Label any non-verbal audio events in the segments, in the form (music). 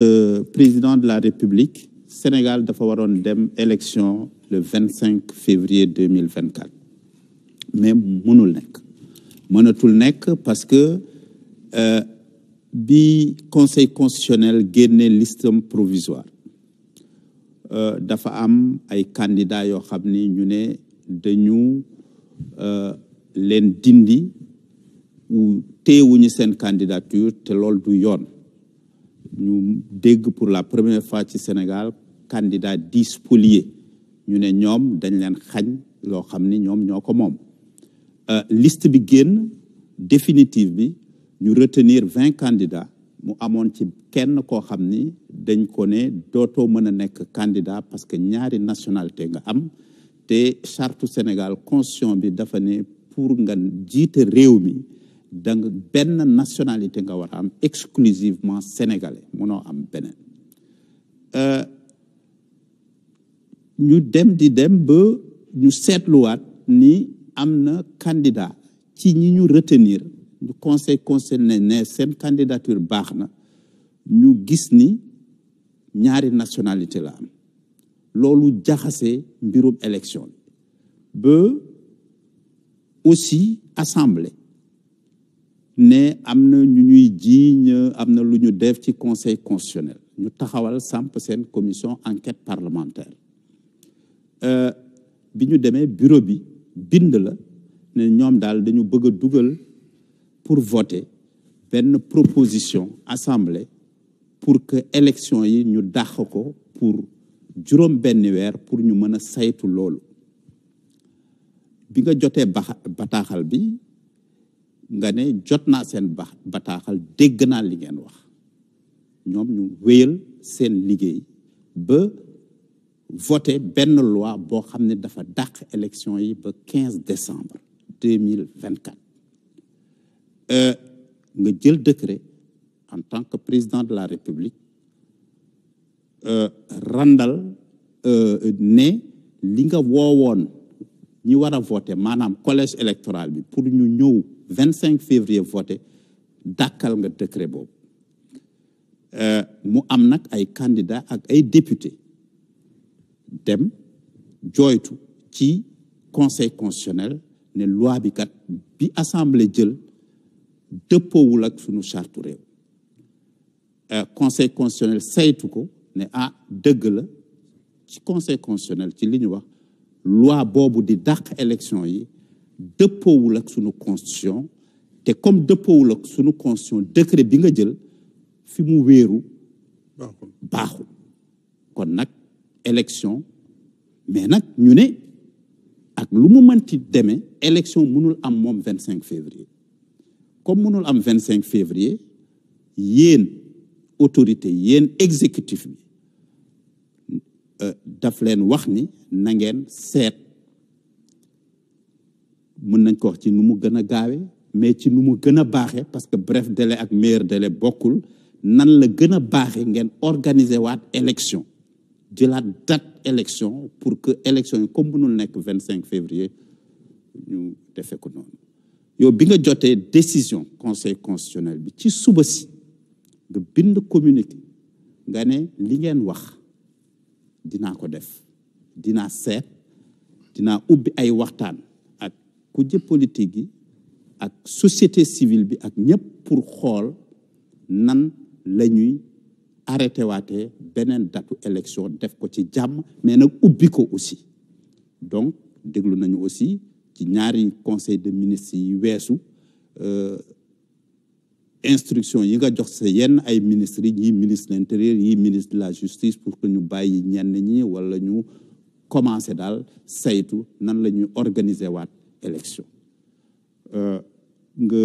Euh, président de la république Sénégal dafa waroon dem élection le vingt cinq février deux mille vingt quatre mais mënul nekk mënatul nekk parce que euh, bi conseil constitutionnel génne listam provisoire euh, dafa am ay candidats yoo xam ni ñu ne dañu leen dindi ou téewuñu seen candidature te loolu du yoon ñu dégg pour la première fois ci Sénégal candidat dix spoliés ñu ne ñoom dañ leen xañ loo xam ni ñoom ñoo ko moom euh, liste bi génn definitive bi ñu retenir vingt candidats mu amoon ci kenn koo xam ni dañ ko ne dootoo mën a nekk candidat parce que ñaari nationalité nga am te charte Sénégal constitution bi dafa ne pour nga jiite réew mi da benn nationalité nga war am exclusivement sénégalais mënoo am beneen euh, ñu dem di dem ba ñu seetluwaat ni am na candidat ci ñi ñu retenir ñu conseil concerné ne seen candidature baax na ñu gis ni ñaari nationalité la am loolu jaxase mbirum élection bi ba aussi assemblée ne am na ñu ñuy jiiñ am na lu ñu def ci conseil constitutionnel ñu taxawal samp seen commission enquête parlementaire euh, bi ñu demee bureau bi bind la ne ñoom daal dañu bëgg a dugal pour voter benn proposition assemblée pour que élection yi ñu dàq ko pour juróom benn weer pour ñu mën a saytu loolu bi nga jotee bataaxal bi nga ne jot naa seen bataaxal dégg naa li ngeen wax ñoom ñu wéyal seen liggéey ba voté benn loi boo xam ne dafa dàq élection yi ba quinze décembre deux mille vingt euh, nga jël décret en tant que président de la république euh, randal euh, ne li nga woowoon ñi war a voté maanaam collège électoral bi pour ñu ñëw vingt cinq février voté dàkkal nga décret boobu euh, mu am nag ay candidat ak ay député dem jooytu ci conseil constitutionnel ne loi bi kat bi assemblée jël dëppoowul ak sunu charte réew euh, conseil constitutionnel saytu ko ne ah dëgg la ci conseil constitutionnel ci li ñu wax loi boobu di dàq élection yi dëppoowul ak sunu constitution te comme dëppoowul ak sunu constitution décret bi nga jël fi mu wéeru baaxul kon nag élection mais nag ñu ne ak lu mu mënti demee élection mënul am moom vingt cinq février comme mënul am vingt cinq février yéen autorité yéen exécutif bi Euh, daf leen wax ni na ngeen seet mën nañ ko wax ci nu mu gën a gaawe mais ci nu mu gën a baaxe parce que bref délai ak maire délai bokkul nan la gën a baaxe ngeen organiser waat élection jëlaat date élection pour que élection comme mënul nekk vingt cinq février ñu defe ko noonu yow bi nga jotee décision conseil constitutionnel bi ci suba si nga bind communiqué nga ne li ngeen wax dinaa ko def dinaa seet dinaa ubbi ay waxtaan ak kuje politique yi ak société civile bi ak ñëpp pour xool nan la ñuy arrêté waatee beneen datu élection def ko ci jàmm mais nag ubbi ko aussi donc déglu nañu aussi ci ñaari conseil de ministres yi weesu euh, instruction yi nga jox sa yenn ay ministre yi ñii ministre de l'intérieur ñii ministre de la justice pour que ñu bàyyi ñenn ñi wala ñu commencé daal saytu nan la ñuy organiser waat élection euh, nga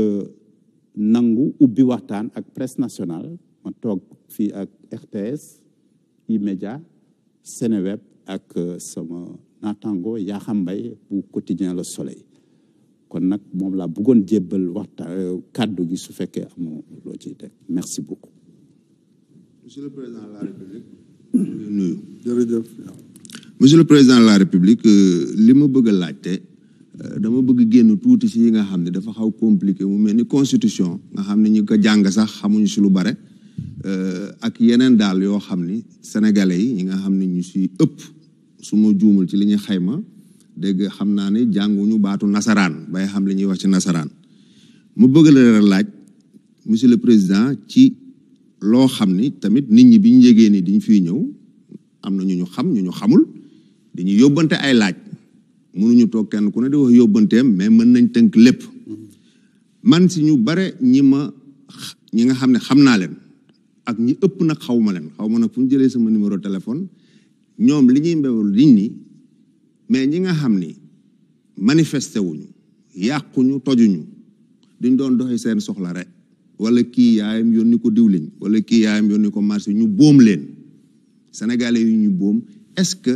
nangu ubbi waxtaan ak presse nationale ma toog fii ak RTS E-Media Seneweb ak euh, sama natango Yakham Mbaye bu quotidien Le Soleil kon nag moom laa bëggoon jébbal waxtaan euh, kàddu gi su fekkee amoo loo ci teg merci beaucoup. monsieur le président de la république. le président la république euh, li ma bëgg laajte euh, dama bëgg génn tuuti si ñi nga xam ne dafa xaw compliqué mu mel ni constitution nga xam ne ñu ko jàng sax xamuñu si lu bare. ak yeneen daal yoo xam ni sénégalais yi ñi nga xam ne ñu si ëpp su ma juumul ci li ñuy xayma. dégg xam naa ne jànguñu baatu nasaraan bay xam li ñuy wax ci nasaraan mu bëgg la laaj monsieur le président ci loo xam ni tamit nit ñi bi ñu yégee diñ fiy ñëw am na ñu xam ñu ñu xamul dañuy yóbbante ay laaj mënuñu toog kenn ku ne di wax yóbbanteem mais mën nañ tënk lépp man si ñu bare ñi ma ñi nga xam ne xam naa leen ak ñi ëpp nag xaw ma leen xaw ma nag fu ñu jëlee sama numéro téléphone ñoom li ñuy mbewul liñ nii mais ñi nga xam ni manifesté wuñu yàquñu tojuñu duñ doon doxi seen soxla rek wala kii yaayam yónni ko diwliñ wala kii yaayam yónni ko marché ñu boom leen sénégalais yu ñu boom est-ce que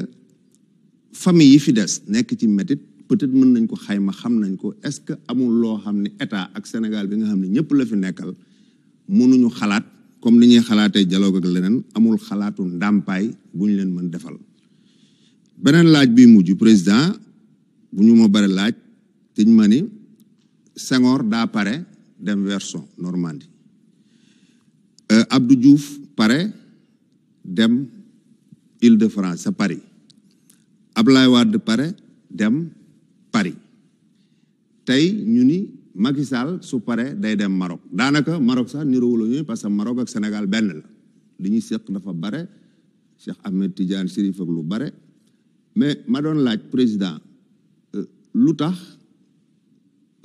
famille yi fi des nekk ci métit peut-être mën nañ ko xayma xam nañ ko est-ce que amul loo xam ne état ak Sénégal bi nga xam ne ñëpp la fi nekkal mënuñu xalaat comme ni ñuy xalaatee dialogue ak leneen amul xalaatu ndàmpaay bu ñu leen mën defal beneen laaj bi mujj président bu ñu ma bare laaj tiñ ma ni Senghor daa pare dem Verson Normandie euh, Abdou juuf pare dem Île-de-France sa Paris Ablaye Wade pare dem Paris tey ñu ni Macky Sall su pare day dem Maroc daanaka Maroc sax niroowu la ñuy parce que Maroc ak Sénégal benn la li ñu seq dafa bare Cheikh Ahmed Tidiane Chérif ak lu bare mais ma doon laaj président euh, lu tax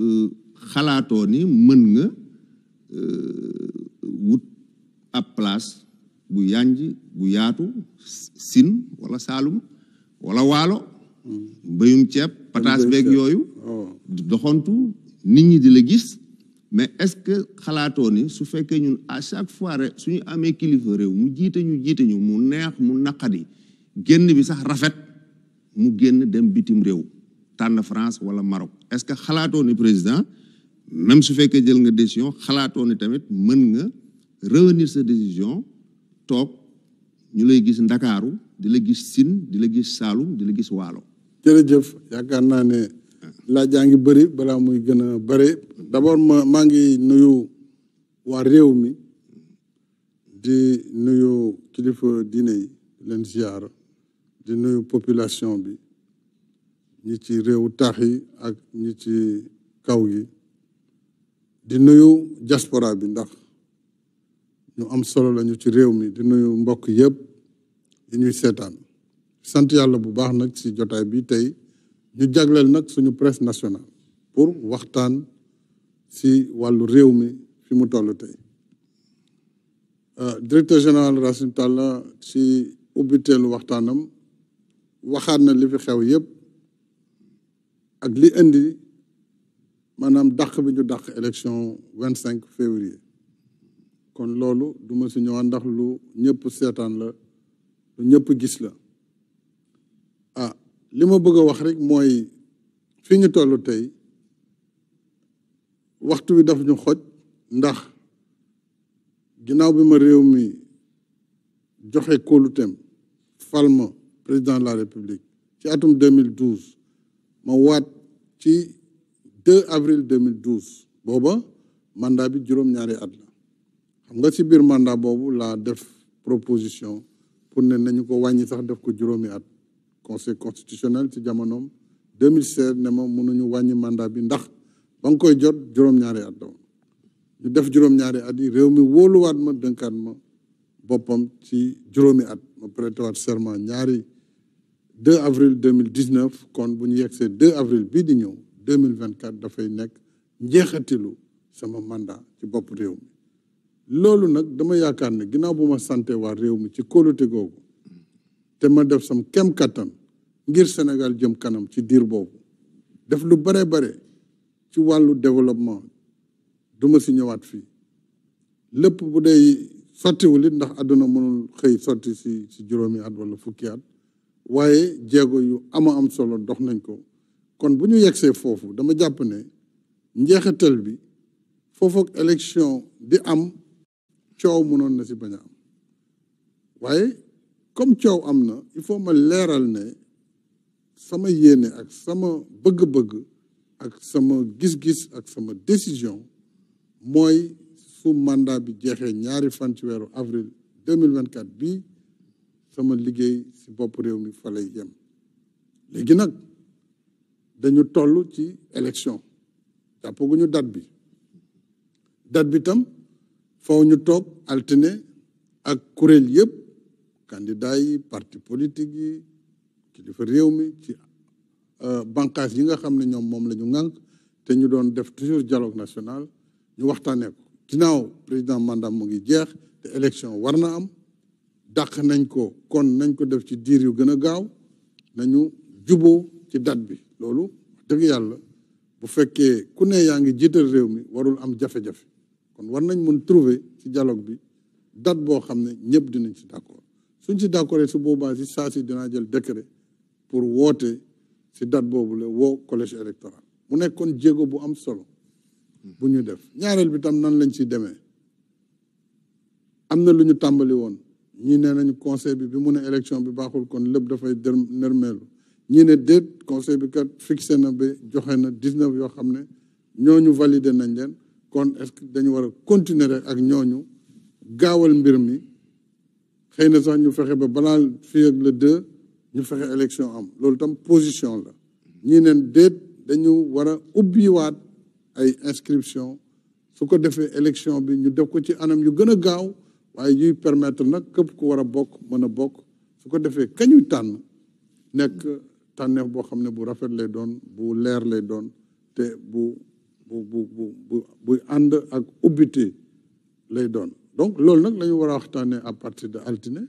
euh, xalaatoo ni mën nga euh, wut ab place bu yànj bu yaatu Sine wala Saalum wala Waalo mbayum ceeb pataas beeg yooyu oh. doxontu nit ñi di la gis mais est-ce que xalaatoo ni su fekkee ñun à chaque fois rek suñu amee kilifa réew mu jiite ñu jiite ñu mu neex mu naqadi génn bi sax rafet mu génn dem bitim réew tànn France wala Maroc est-ce que xalaatoo ni président même su fekkee jël nga décision xalaatoo ne tamit mën nga revenir sa décision toog ñu lay gis Ndakaaru di la gis sin di la gis Saalum di la gis Waalo. jërëjëf yaakaar naa ne laaj yaa ngi bëri balaa muy gën a bëri d'abord ma maa ngi nuyu waa réew mi di nuyu kilifa diine yi leen ziyaara di nuyu population bi ñi ci réewu taax yi ak ñi ci kaw yi di nuyu diaspora bi ndax ñu am solo lañu ci réew mi di nuyu mbokk yëpp yi ñuy seetaan sant yàlla bu baax nag ci jotaay bi tey ñu jagleel nag suñu presse nationale pour waxtaan ci wàllu réew mi fi mu toll tey euh, directeur général Racine Talla ci ubbiteelu waxtaanam waxaat na li fi xew yëpp ak li indi maanaam dàq bi ñu dàq élection vingt cinq février kon loolu duma ma si ñëwaat ndax lu ñëpp seetaan la lu ñëpp gis la ah li ma bëgg a wax rek mooy fi ñu toll tey waxtu wi daf ñu xoj ndax ginnaaw bi ma réew mi joxe kóoluteem falma président de la république ci atum 2012 ma waat ci 2 avril 2012 booba mandat bi juróom-ñaari at la xam nga ci biir mandat boobu laa def proposition pour ne nañu ko wàññi sax def ko juróomi at conseil constitutionnel ci jamonoom 2016 ne ma nañu wàññi mandat bi ndax ba nga koy jot juróom-ñaari at la ñu def juróom-ñaari at yi réew mi wóoluwaat ma dënkaat ma boppam ci juróomi at ma prêté waat serment ñaari 2 avril 2019 kon bu ñu yegsee 2 avril bii di ñëw 2024 dafay nekk njeexatilu sama mandat ci bopp réew mi loolu nag dama yaakaar ne ginnaaw bu ma sante waa réew mi ci kóolute googu te ma def sam kem kattan ngir Sénégal jëm kanam ci diir boobu def lu bare bare ci wàllu développement du ma si ñëwaat fii lépp bu dee sottiwul it ndax àdduna mënul xëy sotti si si juróomi at wala fukki at waaye jéego yu ama am solo dox nañ ko kon bu ñu yegsee foofu dama jàpp ne njeexital bi foofu ak élection di am coow mënoon na si bañ a am waaye comme coow am na il faut ma leeral ne sama yéene ak sama bëgg-bëgg ak sama gis-gis ak sama décision mooy su mandat bi jeexee ñaari fan ci weeru avril 2024 bii sama liggéey si bopp réew mi fa lay yem léegi nag dañu toll ci élection jàppaguñu date bi date bi tam faw ñu toog altine ak kuréel yëpp candidat yi parti politique yi kilifa réew mi ci euh, bànqaas yi nga xam ne ñoom moom la ñu ŋànk te ñu doon def toujours dialogue national ñu waxtaanee ko ginnaaw président mandam mu ngi jeex te élection war am dàq nañ ko kon nañ ko def ci diir yu gën a gaaw nañu juboo ci date bi loolu dëgg yàlla bu fekkee ku ne yaa ngi jiital réew mi warul am jafe-jafe kon war nañ mun trouver ci dialogue bi date boo xam ne ñëpp dinañ ci d'accord suñ ci d'accord su boobaa si saa si dinaa jël décret pour woote si date boobu la woo collège électoral mu nekkoon jéego bu am solo bu ñu def ñaareel bi tam nan lañ ciy demee am na lu ñu tàmbali woon ñii nee nañu conseil bi bi mu ne élection bi baaxul kon lépp dafay nërmeelu ñii ne déet conseil bi kat fixé na ba joxe na dix yoo xam ne ñooñu validé nañ leen kon est-ce que dañu war a continuer rek ak ñooñu gaawal mbir mi xëy na sax ñu fexe ba balaa fii ak le deux ñu fexe élection am loolu tam position la ñii ne déet dañu war a ubbiwaat ay inscription su ko defee élection bi ñu def ko ci anam yu gën a gaaw waaye yuy permettre nag képp ku war a bokk mën a bokk su ko defee kañuy tànn nekk tànneef boo xam ne bu rafet lay doon bu leer lay doon te bu bu bu bu bu ànd ak ubbite lay doon donc loolu nag la ñu war a waxtaanee à partir de altine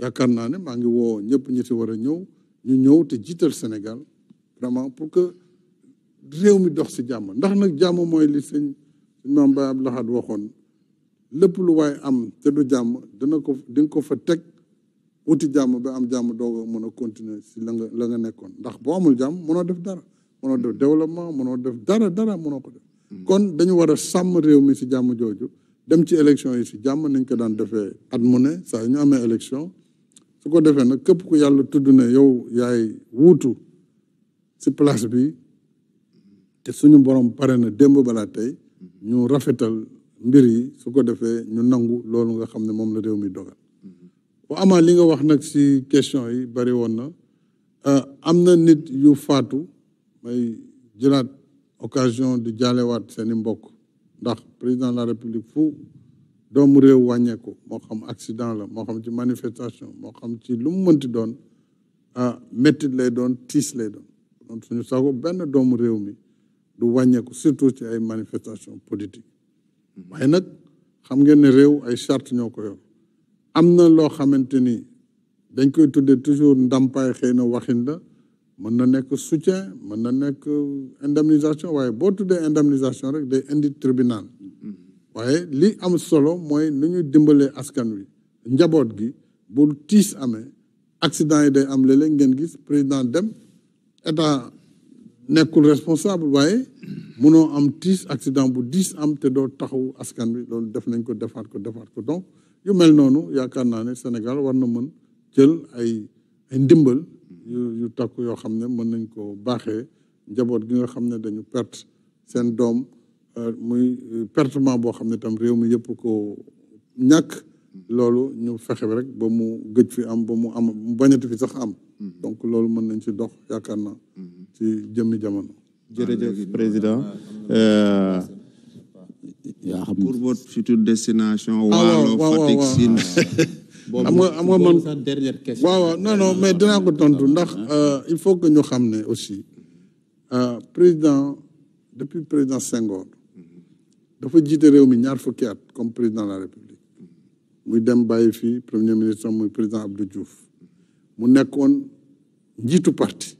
yaakaar naa ne maa ngi woo ñëpp ñu si war a ñëw ñu ñëw te jiital Sénégal vraiment pour que réew mi dox si jàmm ndax nag jàmm mooy li sëñ sëñ maam Baye Abdou waxoon lépp lu waay am te du jàmm dina ko di nga ko fa teg wuti jàmm ba am jàmm doog mën a continuer si langa la nga nekkoon ndax boo amul jàmm mënoo def dara mënoo def développement mënoo def dara dara mënoo ko def mm. kon dañu war a sàmm réew mi si jàmm jooju dem ci élection yi si jàmm nañ ko daan defee at mu ne saa yu ñu amee élection su ko defee nag képp ku yàlla tudd na yow yaay wutu si place bi te suñu borom pare na démb balaa tey mm-hmm. ñu rafetal mbir yi su ko defee ñu nangu loolu nga xam ne moom la réew mi dogal wa amaa li nga wax nag si question yi bari woon na euh, am na nit yu faatu may jëlaat occasion di jaalewaat seen i mbokk ndax président de la république fu doomu réew wàññeeku moo xam accident la moo xam ci manifestation moo xam ci lu mu mënti doon ah méttit lay doon tiis lay doon suñu sago benn doomu réew mi du wàññeeku surtout ci ay manifestation politique waaye nag xam ngeen ne réew ay charte ñoo ko am na loo xamante ni dañ koy tuddee toujours ndàmpaay xëy na waxin la mën na nekk soutien mën na nekk indemnisation waaye boo tuddee indemnisation rek day indi tribunal waaye li am solo mooy nu dimbalee askan wi njaboot gi bu tiis amee accident yi day am léeg ngeen gis président dem état nekkul responsable waaye mënoo am dix accident bu diis am te doo taxaw askan bi loolu def nañ ko defaat ko defaat ko donc yu mel noonu yaakaar naa ne Sénégal war na mën jël ay ay ndimbal yu yu takku yoo xam ne mën nañ ko baaxee njaboot gi nga xam ne dañu perte seen doom euh, muy pertement boo xam ne tam réew mi yëpp ko ñàkk loolu ñu fexe rek ba mu gëj fi am ba mu am mu bañati fi sax am Mhm. donc loolu mën nañ ci dox yaakaar na mhm. ci jëmmi jamono. jërëjëf président. Euh, yaa xam pour votre future destination. Ah, waalo Fatick (laughs) nga am nga man waaw waaw non non mais dinaa ko tontu ndax euh, il faut que ñu xam ne aussi euh, président depuis président Senghor. Mhm. dafa jiite réew mi ñaar fukki at comme président la république. muy dem bàyyi fii premier ministre muy président Abdou Diouf. mu nekkoon njiitu parti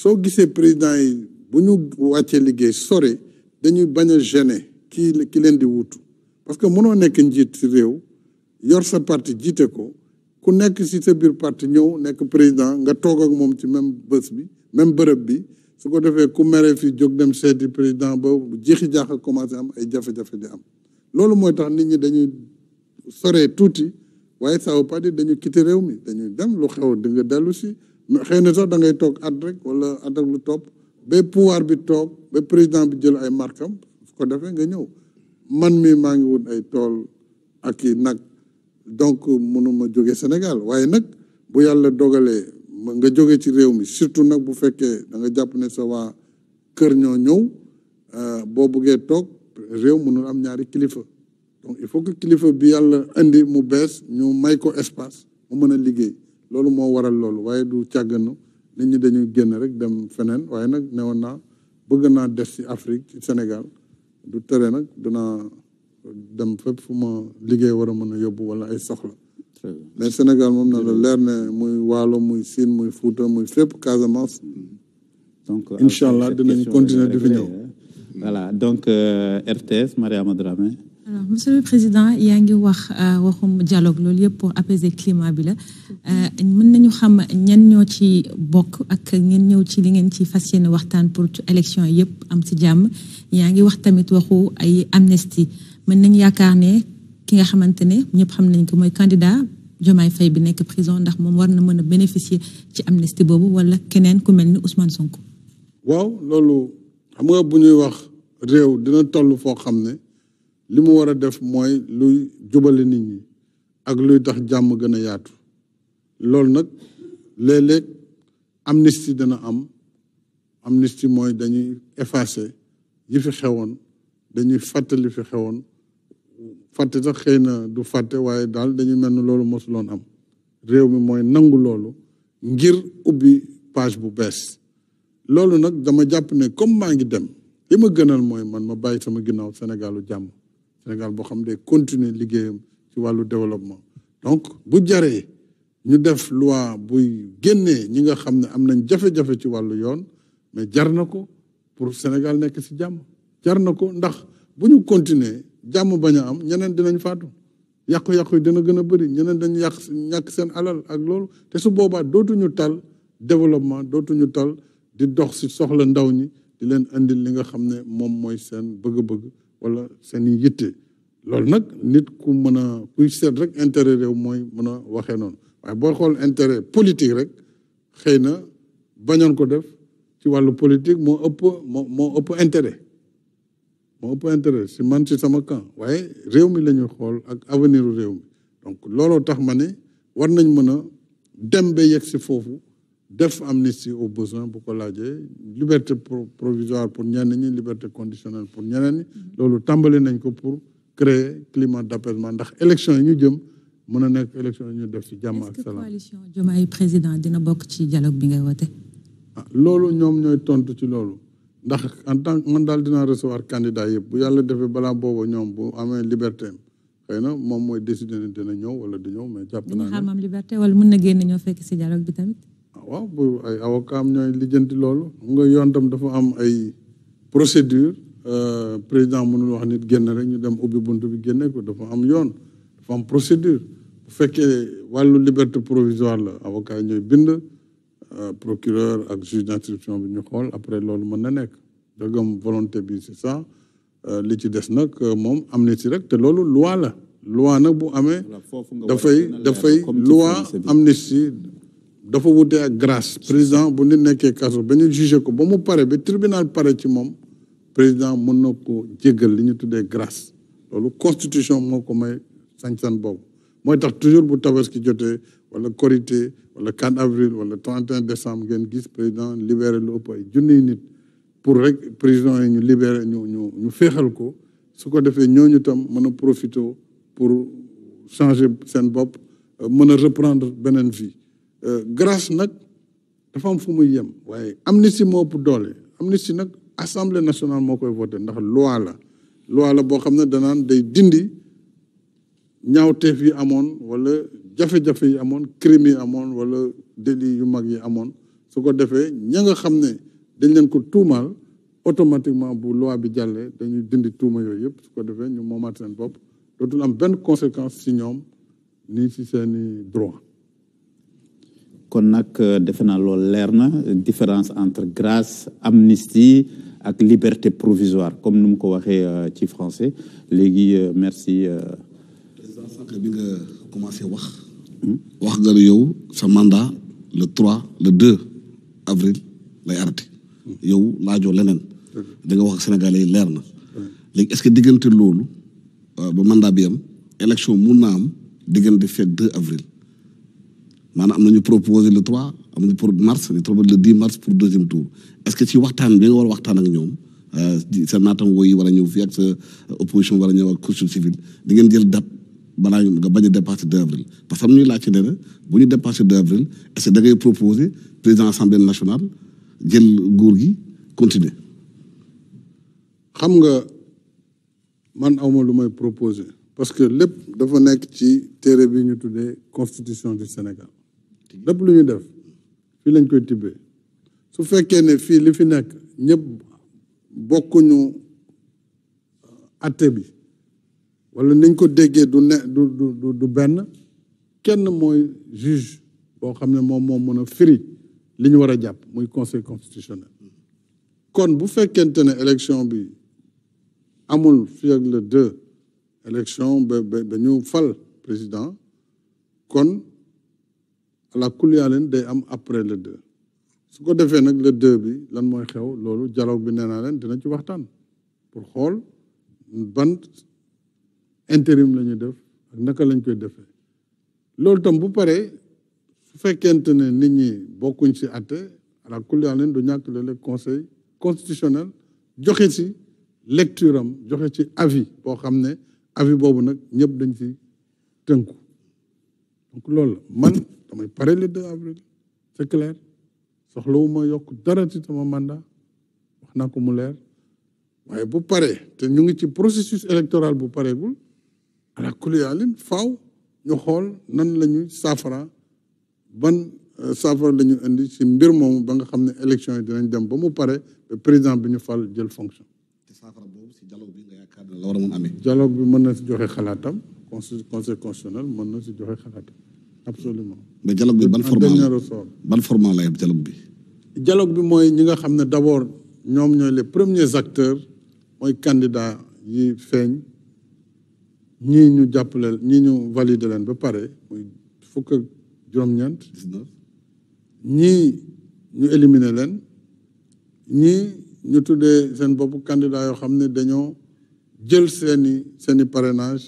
soo gisee président yi bu ñu wàccee liggéey sore dañuy bañ a gêner kii ki leen di wutu parce que mënoo nekk njiit si réew yor sa parti jiite ko ku nekk si sa biir parti ñëw nekk président nga toog ak moom ci même bés bi même bërëb bi su ko defee ku mere fi jóg dem seeti président ba jiixi jaax a commencé am ay jafe-jafe di am loolu mooy tax nit ñi dañuy soree tuuti waaye ça veut pas dire dañu quitter réew mi dañuy dem lu xew di nga dellu si xëy na sax dangay toog at rek wala at ak lu topp ba pouvoir bi toog ba président bi jël ay markam su ko defee nga ñëw man mii maa ngi wut ay tool ak i nag donc mënuma jóge Sénégal waaye nag bu yàlla dogalee nga jóge ci réew mi surtout nag bu fekkee da nga jàpp ne sa waa kër ñoo ñëw euh, boo buggee toog réew mënul am ñaari kilifa donc il faut que kilifa bi yàlla indi mu bees ñu may ko espace mu mën a liggéey loolu moo waral loolu waaye du càgganu nit ñi dañuy génn rek dem feneen waaye nag newoon naa bëgg naa def ci Afrique ci Sénégal du tere nag dinaa dem fépp fu ma liggéey war a mën a yóbbu wala ay soxla mais Sénégal moom na la leer ne muy Waalo muy Siin muy Fuuta muy fépp Casamance mm-hmm. donc euh, incha allah dinañ continuer di fi ñëw voilà donc euh, RTS Mariama Dramé alors monsieur le président yaa ngi wax euh, waxum dialogue loolu yëpp pour apaiser climat bi la euh, mën nañu xam ñan ñoo ci bokk ak ngeen ñëw ci li ngeen ci fas yéene waxtaan pour ci élection yëpp am ci jàmm yaa ngi wax tamit waxu ay amnistie mën nañu yaakaar ne ki nga xamante ne ñëpp xam nañ ko mooy candidat Diomaye fay bi nekk prison ndax moom war na mën a bénéficier ci amnistie boobu wala keneen ku mel ni Ousmane Sonko waaw loolu xam nga bu ñuy wax réew dina toll foo xam ne li mu war a def mooy luy jubale nit ñi ak luy tax jàmm gën a yaatu loolu nag léeg-léeg amnistie dana am amnistie mooy dañuy effacer yi fi xewoon dañuy fàtte fi xewoon fàtte sax xëy na du fàtte waaye daal dañuy mel ni loolu mosuloon am réew mi mooy nangu loolu ngir ubbi page bu bees loolu nag dama jàpp ne comme maa ngi dem li ma gënal mooy man ma bàyyi sama ginnaaw Sénégalu jàmm Sénégal boo xam ne continuer liggéeyam ci wàllu développement donc bu jaree ñu def loi buy génnee ñi nga xam ne am nañ jafe-jafe ci wàllu yoon mais jar na ko pour Sénégal nekk ci jàmm jar na ko ndax bu ñu continuer jàmm bañ a am ñeneen dinañ faatu yàqu-yàqu yi dina gën a bëri ñeneen dañ yàq ñàkk seen alal ak loolu te su boobaa dootuñu tal développement dootuñu tal di dox si soxla ndaw ñi di leen indil li nga xam ne moom mooy seen bëgg-bëgg wala seen i yitte loolu nag nit ku mën a kuy seet rek intérêt réew mooy mën a waxee noonu waaye boo xool intérêt politique rek xëy na bañoon ko def ci wàllu politique moo ëpp moo moo ëpp intéret moo ëpp si man si sama camp waaye réew mi la ñuy xool ak avenir réew mi donc looloo tax ma ne war nañ mën a dem ba yegg si foofu def amnistie au besoin bu ko laajee liberté provisoire pour ñenn ñi liberté conditionnelle pour ñeneen ñi mm-hmm. loolu tàmbali nañ ko pour créer climat d'apaisement ndax élection yi ñu jëm mën a nekk élection yi ñu def ci jàmm ak salaam. est-ce que coalition Diomaye président dina bokk ci dialogue bi nga woote. ah loolu ñoom ñooy tontu ci loolu ndax en tant que man daal dinaa recevoir candidat yëpp bu yàlla defee balaa boobu ñoom bu amee liberté xëy na moom mooy décider ne dina ñëw wala du ñëw mais. waaw bu ay avocat am ñooy lijjanti loolu mu nga yoon tam dafa am ay procédure euh, président mënul wax nit génn rek ñu dem ubbi bunt bi génne ko dafa am yoon dafa am procédure bu fekkee wàllu liberté provisoire la avocat ñooy bind euh, procureur ak juge d'instruction bi ñu xool après loolu mën na nekk dëggam volonté bi c'est ça euh, li ci des nag moom am na ci rek te loolu loi la loi nag bu amee dafay dafay loi amnistie dafa wute ak grâce président bu nit nekkee kaso ba ñu jugé ko ba mu pare ba tribinal pare ci moom président mën na ko jéggal li ñu tuddee grâce loolu constitution moo ko may sañ-sañ boobu mooy tax toujours bu tabaski jotee wala korité wala 4 avril wala 31 décembre ngeen gis président libéré lu ay junniy nit pour rek président yi ñu libéré ñu ñu ñu féexal ko su ko defee ñooñu tam mën a profité pour changer seen bopp mën a reprendre beneen vie Euh, grâce nag dafa fu muy yem waaye amnistie moo ëpp doole am si nag assemblée nationale moo koy voté ndax loi la loi boo xam ne danaan day dindi ñaawteef yi amoon wala jafe-jafe yi amoon crime yi amoon wala délit yu mag yi amoon su ko defee ña nga xam ne dañ leen ko tuumaal automatiquement bu loi bi jàllee dañuy dindi tuuma yooyu yëpp su ko defee ñu moomaat seen bopp dootul am benn conséquence si ñoom nii si seeni droit kon nag euh, defe naa loolu leer na différence entre grâce amnistie ak liberté provisoire comme nu mu ko waxee euh, ci français léegi euh, merci. président bi nga commencé wax. Hmm? wax nga yow sa mandat le trois le 2 avril lay arrêté. Hmm. yow laajoo leneen. Hmm. da nga wax ak sénégalais leer na. léegi est-ce que diggante loolu ba mandat bi am élection mun naa am diggante fekk 2 avril. maanaam am nañu proposé le 3 am nañu pour mars ñu proposé le 10 mars pour deuxième tour est-ce que ci waxtaan bi nga war a waxtaan ak ñoom euh, sa naataangoo yi war a ñëw fii ak sa opposition war a ñëw ak société civile di ngeen jël date balaa nga bañ a dépassé 2 avril parce que am ñuy laajte ne bu ñu dépassé 2 avril président assemblée nationale jël nguur gi continuer. xam nga man awma lu may proposé parce que lépp dafa nekk ci téere bi ñu tuddee constitution du Sénégal. lépp lu ñu def fii lañ koy tibbee su fekkee ne fii li fi nekk ñëpp bokkuñu uh, atte bi wala niñ ko déggee du ne du du benn kenn mooy juge boo xam ne moom moo mën a firi li ñu war a jàpp muy conseil constitutionnel kon bu fekkente ne élection bi amul fii ak le deux ba ba ñu fal président kon ala kuliyaaleen day am après le su ko defee nag le bi lan mooy xew loolu dialogue bi nee naa leen dina ci waxtaan pour xool ban intérim la ñuy def ak naka lañ koy defee loolu tam bu paree su fekkente ne nit ñi bokkuñ si àtte ala kuliyaaleen du ñàkk le conseil constitutionnel joxe si lecture am joxe ci avis boo xam ne avis boobu nag ñëpp dañ si tënku donc loolu la man damay pare le 2 avril c'est clair soxlawuma yokk dara ci sama mandat wax naa ko mu leer waaye bu paree te ñu ngi ci processus électoral bu pareegul ala kuliyaalin faw ñu xool nan la ñuy saafara ban euh, saafara la indi si mbir moom ba nga xam ne élection yi dinañ dem ba mu pare ba président bi ñu fal jël fonction. te saafara boobu si dialogue bi nga yaakaar ne la a mun amee. dialogue bi mën na si joxe xalaatam. conseil constitutionnel mën na si joxe xalaat absolument mais dialogue bi ban format ban format lay am dialogue bi dialogue bi mooy ñi nga xam ne d'abord ñoom ñooy les premiers acteur mooy candidat yi feeñ ñii ñu jàppale ñii ñu valider leen ba pare muy ñii ñu éliminer leen ñii ñu tuddee seen bopp candidat yoo xam ne dañoo jël seeni seeni parrainage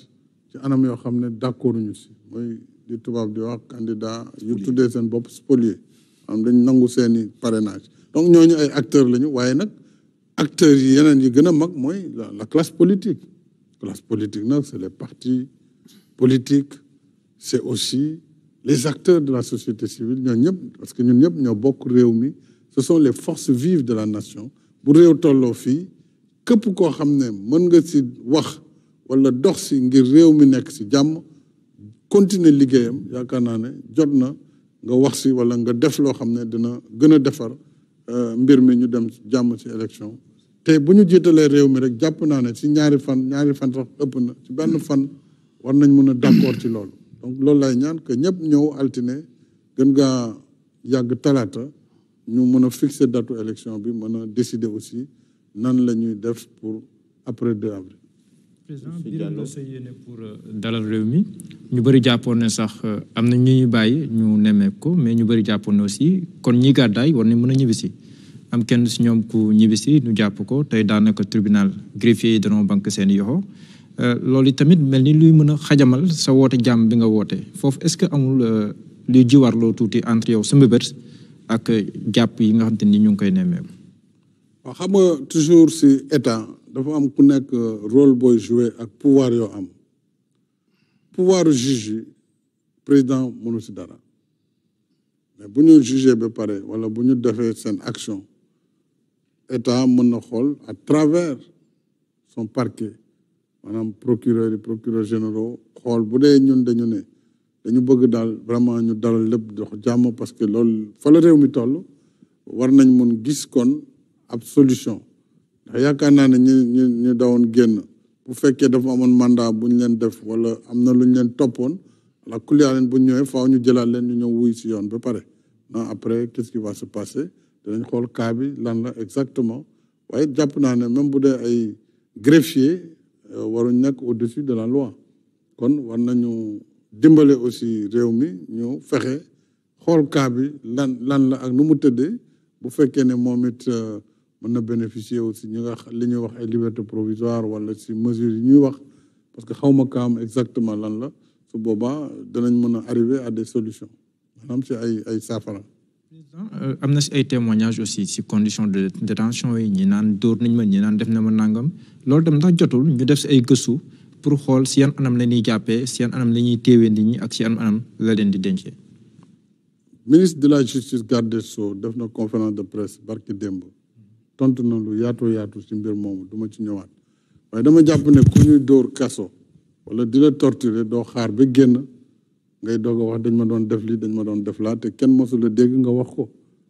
ci anam yoo xam ne d'accord ñu si mooy di tubaab di wax candidat yu tuddee seen bopp spolier am dañ nangu seen i parrainage donc ñooñu ay acteurs lañu waaye nag acteurs yi yeneen yi gën a mag mooy la classe politique classe politique nag c'est les partis politiques c'est aussi les acteurs de la société civile ñoo ñëpp parce que ñun ñëpp ñoo bokk réew mi ce sont les forces vives de la nation bu réew tolloo fii képp koo xam ne mën nga si wax wala dox si ngir réew mi nekk si jàmm continuer liggéeyam yaakaar naa ne jot na nga wax si walla nga def loo xam ne dina gën a defar euh, mbir mi ñu dem jàmm si élection te bu ñu jiitalee réew mi rek jàpp naa ne si ñaari fan ñaari fan sax ëpp na ci benn fan war nañ mën a d'accord ci loolu donc loolu lay ñaan que ñëpp ñëw altine gën gaa yàgg talaata ñu mën a fixer datu élection bi mën a décider aussi nan la ñuy def pour après 2 avril président biir la sa euh, dalal réew mi ñu bëri jàppoon ne sax euh, am na ñu ñu bàyyi ñu nemmeek ko mais ñu bëri jàppoon ne aussi kon ñi gàddaay war nañ mën a ñibbisi am kenn si ñoom ku ñibbisi nu jàpp ko tey daanaka tribunal greffier yi danoo banque seen yoxo euh, loolu yi tamit mel ni luy mën a xajamal sa woote jàmm bi nga woote foofu est-ce que amul luy jiwarloo tuuti entre yow sa mbébét ak jàpp yi nga xam te ni ñu ngi koy nemmeeku. waaw xam toujours si état. dafa am ku nekk euh, rôle booy jouer ak pouvoir yoo am pouvoir juge yi président mënu si dara mais bu ñu jugee ba pare wala bu ñu defee seen action état mën na xool à travers son parquet maanaam procureur yi procureur généraux xool bu dee ñun dañu ne dañu bëgg daal vraiment ñu dalal lépp dox jàmm parce que loolu fa la mi toll war nañ mun gis kon ab solution ndax yaakaar naa ne ñi ñu ñu dawoon génn bu fekkee dafa amoon mandat buñ leen def wala am na lu ñu leen toppoon la kuliyaa leen bu ñu ñëwee faaw ñu jëlaat leen ñu ñëw wuy si yoon ba pare non après qu'est-ce qui va se passer danañ xool cas bi lan la exactement waaye jàpp naa ne même bu dee ay greffier euh, waruñ nekk au-dessus de la loi kon war nañu dimbale aussi réew mi ñu fexe xool cas bi lan lan la ak nu mu tëddee bu fekkee ne moom it euh, mën na bénéficier si ñu nga li ñuy wax ay liberté provisoire wala si mesure yi ñuy wax parce que xaw ma kaam exactement lan la su boobaa danañ mën a arriver à des solutions maanaam si ay ay saafara. Euh, am na si ay témoignages aussi si condition de détention yi ñi naan dóor nañ ma ñi naan def na ma nangam loolu tam ndax jotul ñu def si ay gëstu pour xool si yan anam la ñuy jàppee si yan anam la ñuy téewee nit ñi ak si yan anam la leen di dencee. ministre de la justice garde des sceaux def na conférence de presse barki démb. tontu na lu yaatu yaatu si mbir moomu duma ci ñëwaat waaye dama jàpp ne ku ñuy dóor kaso wala di la torturer doo xaar ba génn ngay doog a wax dañ ma doon def lii dañ ma doon def laa te kenn mosu la dégg nga wax ko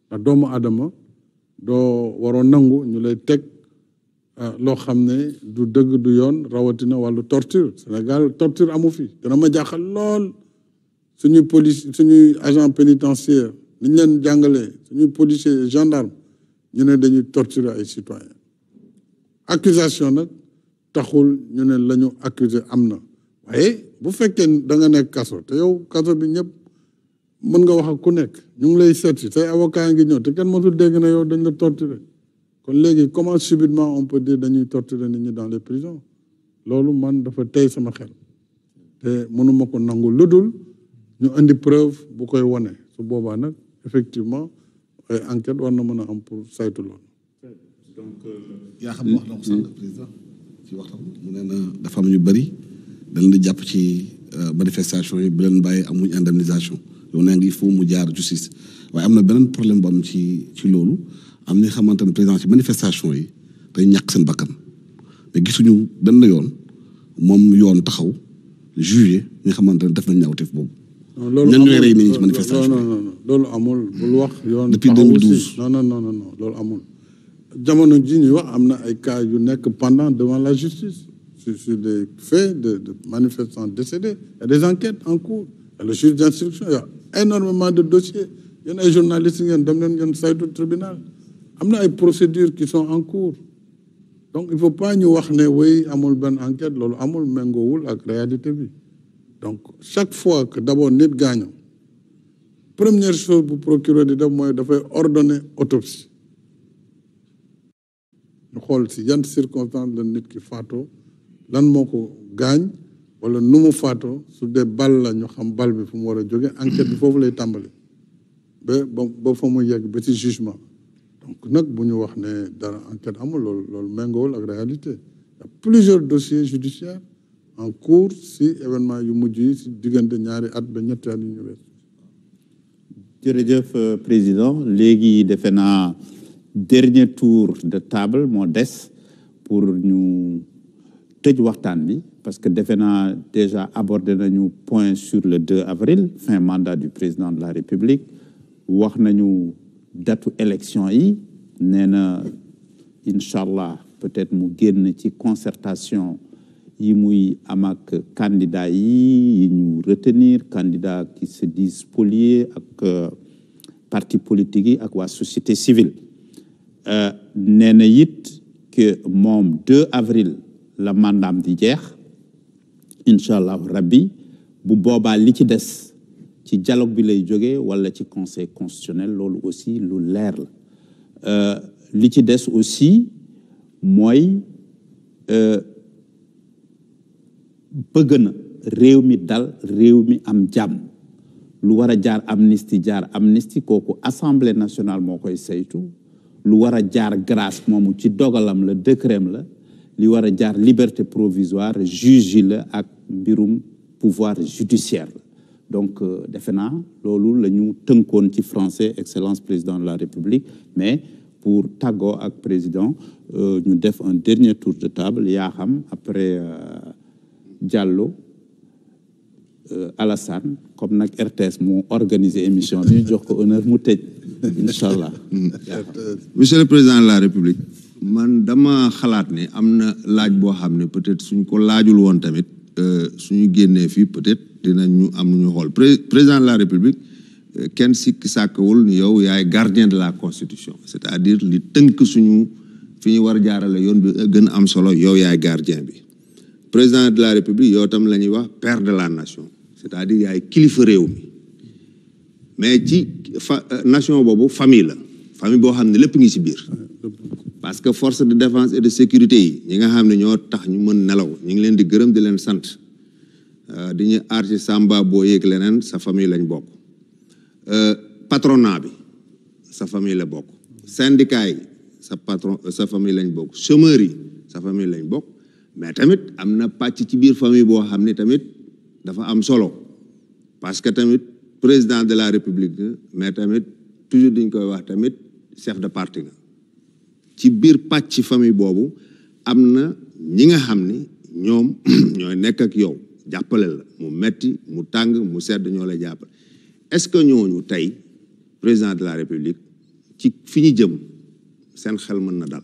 ndax doomu aadama doo waroon nangu ñu lay teg ah, loo xam ne du dëgg du yoon rawatina wàllu torture Sénégal torture amu fi dana ma jaaxal lool suñuy police suñuy agent pénitentiaire niñ leen jàngalee suñuy policier gendarme ñu ne dañuy torturer ay citoyen accusation nag taxul ñu ne la ñu accuser am na waaye bu fekkee da nga nekk kaso te yow kaso bi ñëpp mën nga wax ak ku nekk ñu ngi lay seeti si say avocat ngi ñëw te kenn mësul dégg na yow dañ la torturer kon léegi comment subitement on peut dire dañuy torturer nit ñi dans les prisons loolu man dafa tey sama xel te mënuma ko nangu lu dul ñu indi preuve bu koy wone su boobaa nag effectivement enquête war na mën a am pour saytu loolu. donc euh, yaa xam wax mu ne na dafa am ñu bëri dañ leen jàpp ci euh, manifestation yi bu leen bàyyi amuñ indemnisation yow nee nga il faut mu jaar justice waaye am na beneen problème bu am ci ci loolu am ni xamante ne président ci manifestation yi day ñàkk seen bakkan mais gisuñu benn yoon moom yoon taxaw juillet ñi nga xamante ne def nañ ñaawteef boobu loolu amul ñan rey loolu amul. bul wax yoon depuis 2012 non non non non loolu amul. jamono ji ñuy wax am na ay cas yu nekk pendant devant la justice sur sur des faits de de manifestants décédés il des enquêtes en cours et le juge d'instruction il y a énormément de dossiers yéen ay journalistes ngeen dem leen ngeen saytu tribunal am na ay procédure qui son en cours donc il faut pas ñu wax ne oui amul benn enquête loolu amul méngoowul ak réalité bi. donc chaque fois que d'abord nit gaañu première chose bu procureur di mooy dafay ordonner autopsie ñu xool si yant circonstance la nit ki faatoo lan moo ko gaañ wala nu mu faatoo su dee bal la ñu xam bal bi fu mu war a jóge enquête bi foofu lay tàmbali ba ba fa mu yegg ba ci jugement donc nag bu ñu wax ne dara enquête amul loolu loolu méngoowul ak réalité y a plusieurs dossiers judiciaires en cours si événement yu mujj yi si ñaari at ba euh, président léegi defe naa dernier tour de table moo des pour ñu tëj waxtaan bi parce que defe naa déjà aborde nañu point sur le 2 avril fin mandat du président de la république wax nañu datu élection yi nee na incha allah peut-être mu génn ci concertation yi muy am ak yi yi ñu retenir candidat qui se disent spoliés ak euh, parti politique yi ak waa société civile euh, nee na it moom 2 avril la mandaam di jeex incha allahu rabbi bu boobaa li ci des ci dialogue bi lay jóge wala ci conseil constitutionnel loolu aussi lu leer la euh, li ci des aussi mooy bëgg na réew mi dal réew mi am jàmm lu war a jaar amnistie jaar amnistie kooku assemblée nationale moo koy saytu lu war a jaar grâce moomu ci dogalam la décretam la li war a jaar liberté provisoire juge yi la ak mbirum pouvoir judiciaire la donc euh, defe naa loolu la ñu tënkoon ci français excellence président de la république mais pour tàggoo ak président euh, ñu def un dernier tour de table yaa xam après euh, Diallo euh, Alassane comme nag RTS mu organiser émission bi ñu jox ko honneur mu tëj incha allah. (laughs) monsieur le président de la république. man dama xalaat ne am na laaj boo xam ne peut-être suñ ko laajul woon tamit euh, suñu génnee fii peut-être dinañ ñu am ñu xool président de la république euh, kenn sikk sàkkawul ni yow yaay gardien de la constitution c'est-à-dire li tënk suñu fi ñu war jaarale yoon bi gën a am solo yow yaay gardien bi. président de la république yow tam la ñuy wax per de la nation c'est-à-dire yaay kilifa réew mi mais ci fa euh, nation boobu famille la famille boo xam ne lépp ngi si biir parce que force de défense et de sécurité yi ñi nga xam ne ñoo tax ñu mën nelaw ñu ngi leen di gërëm di leen sant euh, di ñu aar sàmba boo yéeg leneen sa famille lañ bokk euh, patronat bi sa famille la bokk syndicat yi sa patron sa famille lañ bokk chômeurs yi sa famille lañ bokk mais tamit am na pàcc ci biir famille boo xam ne tamit dafa am solo parce que tamit président de la république nga mais tamit toujours dañ koy wax tamit chef de parti nga ci biir pàcc ci famille boobu am na ñi nga xam ni ñoom (clears throat) ñooy nekk ak yow jàppale la mu metti mu tàng mu sedd ñoo lay jàppale est-ce que ñooñu tey président de la république ci fi ñu jëm seen xel mën na dal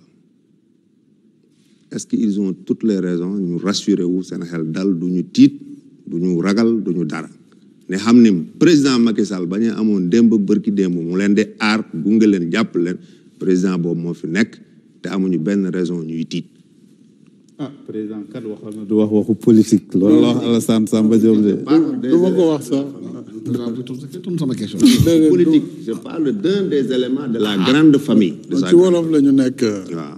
parce que ils ont toutes les raisons ñu rassuré wu seen xel dal du ñu tiit du ñu ragal du ñu dara ne xam ni président Macky bañ ba ñu amoon démb bërki démb mu leen di aar gunge leen jàpp leen président boobu moo fi nekk te amuñu benn raison ñuy tiit ah président kat waxoon na du wax waxu politique. loolu la wax Alassane Samba Diop de. du ma ko wax sax. sama question. (laughs) politique je des éléments de la ah. grande de sa ci wolof la ñu nekk.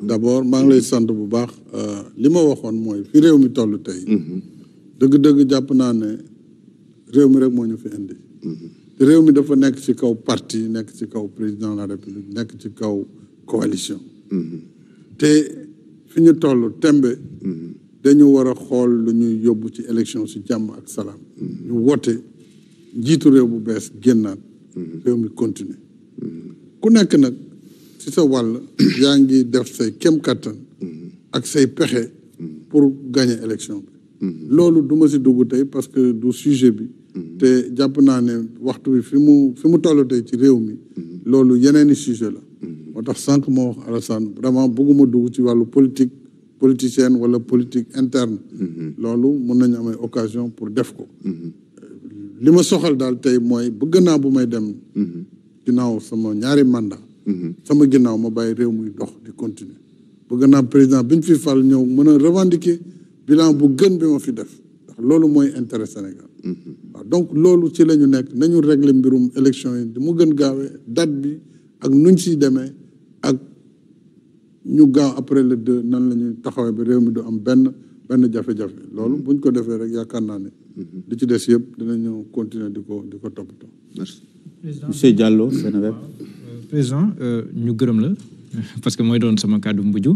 d'abord maa ngi lay sant bu baax. Euh, li ma waxoon mooy fi réew mi toll tey. Mhm. dëgg-dëgg jàpp naa ne réew mi rek moo ñu fi indi. Mhm. réew mi dafa nekk ci kaw parti nekk ci kaw président la république nekk ci kaw coalition. Mhm. te fi ñu toll tembe. dañu war a xool lu ñuy yóbbu ci élection si jàmm ak salaam ñu woote jiitu réew bu bees génnaat réew mi continuer ku nekk nag si sa wàll (coughs) yaa ngi def say kem kattan ak say pexe pour gagner élection bi loolu duma si dugg tey parce que du sujet bi te jàpp naa ne waxtu bi fi mu fi mu toll tey ci réew mi loolu yeneeni sujet la moo tax sànq moo wax Alassane vraiment bëgguma dugg ci wàllu politique politicienne wala politique interne mhm. loolu mun nañu amee occasion pour def ko mhm. euh, li ma soxal daal tey mooy bëgg naa bu may dem mhm. ginnaaw sama ñaari mandat sama ginnaaw ma bàyyi réew muy dox di continuer bëgg naa président bi ñu fi fal ñëw mën a revendiquer bilan bu gën bi ma fi def ndax loolu mooy intérêt Sénégal waaw donc loolu ci la ñu nekk nañu régler mbirum élection yi di mu gën gaawee date bi ak nuñ siy demee ak ñu gaaw après le deux nan la taxawee ba réew mi du am benn benn jafe-jafe loolu mm-hmm. buñ ko defee rek yaakaar naa ne mm-hmm. li ci des yëpp dinañu continuer di ko di ko toppatoo merci monsieur Diallo Seneweb euh, président euh, ñu gërëm la (laughs) parce que mooy doon sama kàddu mbuju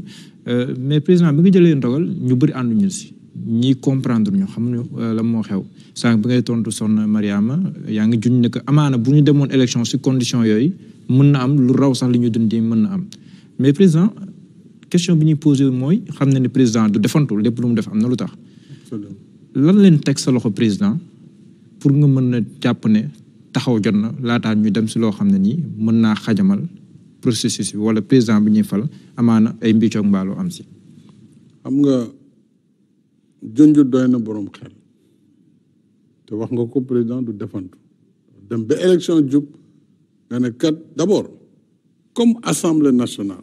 euh, mais président bi nga jëlee ndogal ñu bëri ànduñu si ñi comprendre ñu xam ne la moo xew sànq bi ngay tontu sonn Mariama yaa ngi juñ ne amaana bu ñu demoon élection si condition yooyu mën na am lu raw sax li ñu di mën na am mais président question bi ñuy posé mooy xam na ne président du defantu lépp lu mu def am na lu tax. lan leen teg sa loxo président pour nga mën na jàpp ne taxaw jot na laataa ñu dem si loo xam ne nii mën naa xajamal processus bi wala président bi ñuy fal amaana ay mbiccoog mbaaloo am si. xam nga junju doy na borom xel te wax nga ko président du defantu dem ba élection jub nga ne kat d'abord comme assemblée nationale.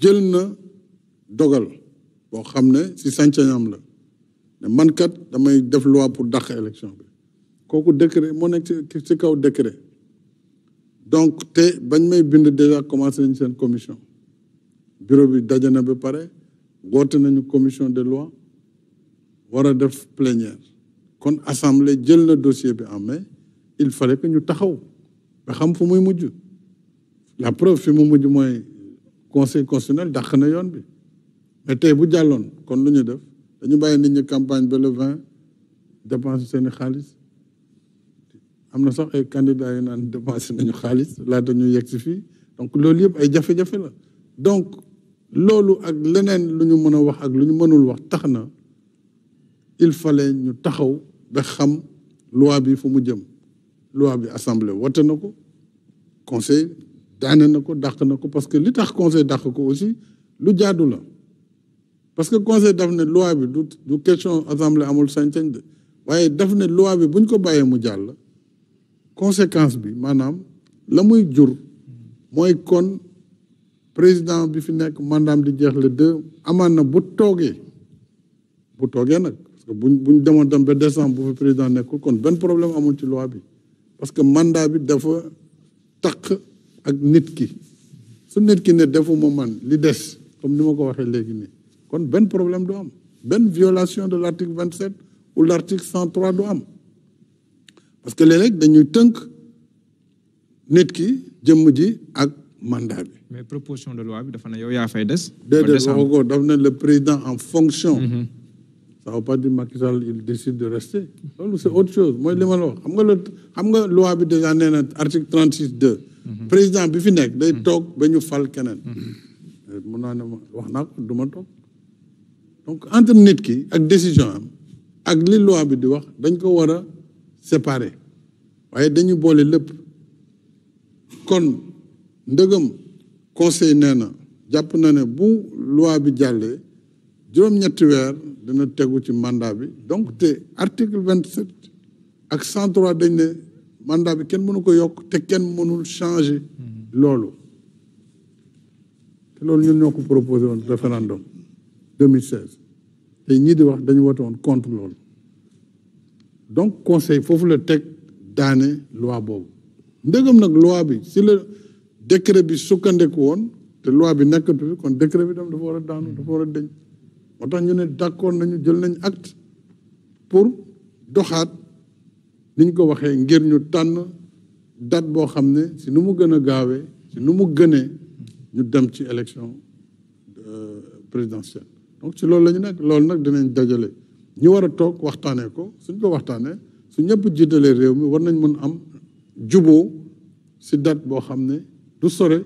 jël na dogal boo xam ne si sañ la ne man kat damay def loi pour dàq élection bi kooku décret moo nekk ci ci kaw décret donc te bañ may bind déjà commencé nañ seen commission bureau bi daje na ba pare woote nañu commission de loi war a def plénière kon assemblée jël na dossier bi am mai il fallait que ñu taxaw ba xam fu muy mujj la preuve fi mu mujj mooy conseil constitutionnel dàq na yoon bi mais tey bu jàlloon kon lu ñu def dañu bàyyi nit ñi campagne ba le vingt dépense seeni xaalis am na sax ay candidats yu naan dépensé nañu xaalis laata ñu yegg si fii donc loolu yëpp ay jafe-jafe la donc loolu ak leneen lu ñu mën a wax ak lu ñu mënul wax tax na il fallait ñu taxaw ba xam loi bi fu mu jëm loi bi assemblée wote na ko conseil daane na ko dàq na ko parce que li tax conseil dàq ko aussi lu jaadu la parce que conseil daf ne loi bi du du question assemblée amul sañ-sañ de waaye daf ne loi bi buñ ko bàyyee mu jàll conséquence bi maanaam la muy jur mooy kon président bi fi nekk mandaam di jeex le deux amaan na bu toogee bu toogee nag parce que bu buñ demoon dem ba décembre bu fi président nekkul kon benn problème amul ci loi bi parce que mandaa bi dafa taq ak nit ki su nit ki ne defuma man li des comme ni ma ko waxee léegi nii kon benn problème du am benn violation de l' article vingt sept ou l' article cent trois du am parce que léeg dañuy tënk nit ki jëmm ji ak mandat bi. mais proposition de loi bi dafa ne yow yaa fay des. déedéet waxu ko daf ne le président en fonction. Mm-hmm. ça veut pas dire Macky il décide de rester loolu c' autre chose mooy li ma la wax xam nga la xam nga loi de déjà nee na article trente six Mhm. président bi fi nekk day mhm. toog ba ñu fal keneen mhm. euh, mun naa ne wax naa ko du ma toog donc entre nit ki ak décision am ak li loi bi di wax dañ ko war a séparer waaye dañuy boole lépp kon ndëgëm conseil nee na jàpp na ne bu loi bi jàllee juróom-ñetti weer dina tegu ci màndaa bi donc te article vingt sept ak cent trois dañ ne mandat bi kenn mënu ko yokk te kenn mënul changer mhm. loolu te loolu ñun ñoo ko proposé woon référendum 2016 te ñii di wax dañu wote woon contre donc conseil foofu la teg daane loi boobu ndegam nag loi bi si la décret bi sukkandiku woon te loi bi nekkatu fi kon décret bi tam dafa war a daanu dafa war a deñ moo tax ñu ne d'accord nañu jël nañu acte pour doxaat ni ko waxee ngir ñu tànn dat boo xam ne si nu mu gën a gaawee si nu mu gënee ñu dem ci élection euh, présidentielle donc si loolu lañu ñu nekk loolu nag dinañ dajale ñu war a toog waxtaanee ko suñ ko waxtaanee su ñëpp jiitalee réew mi war nañ mën am juboo si dat boo xam ne du sore